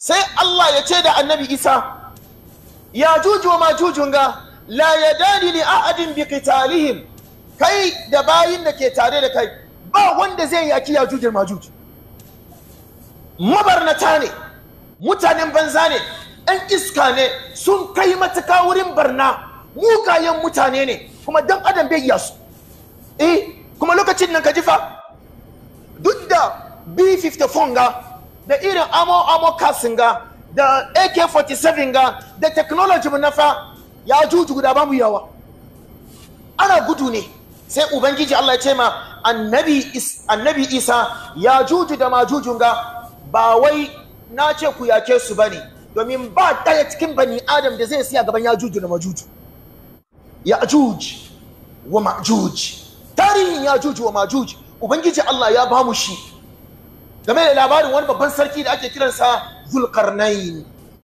sai Allah ya ce da annabi Isa ya juju ma jujun ga la yadani li ahadin bi qitalihim kai da bayin da ke tare da kai ba wanda zai yaki ya ma majuj mabarnata ne mutanen banza ne ɗan iska ne sun kai matuka wurin barna mugayen mutane ne kuma dan adam bai iya su eh kuma lokacin nan ka jifa duk da b ga da irin amo amo kasin da AK47 ga da technology mun nafa ya juju guda ba yawa ana gudu ne sai ubangiji Allah ya ce ma annabi Isa ya juju da ma ga ba wai na ce ku yake su bane domin ba ɗaya cikin bani adam da zai siya gaban ya juju da majuju ya juj wa majuj tarihin ya juju wa majuj ubangiji Allah ya bamu shi game da labarin wani babban sarki da ake kiransa zulkarnain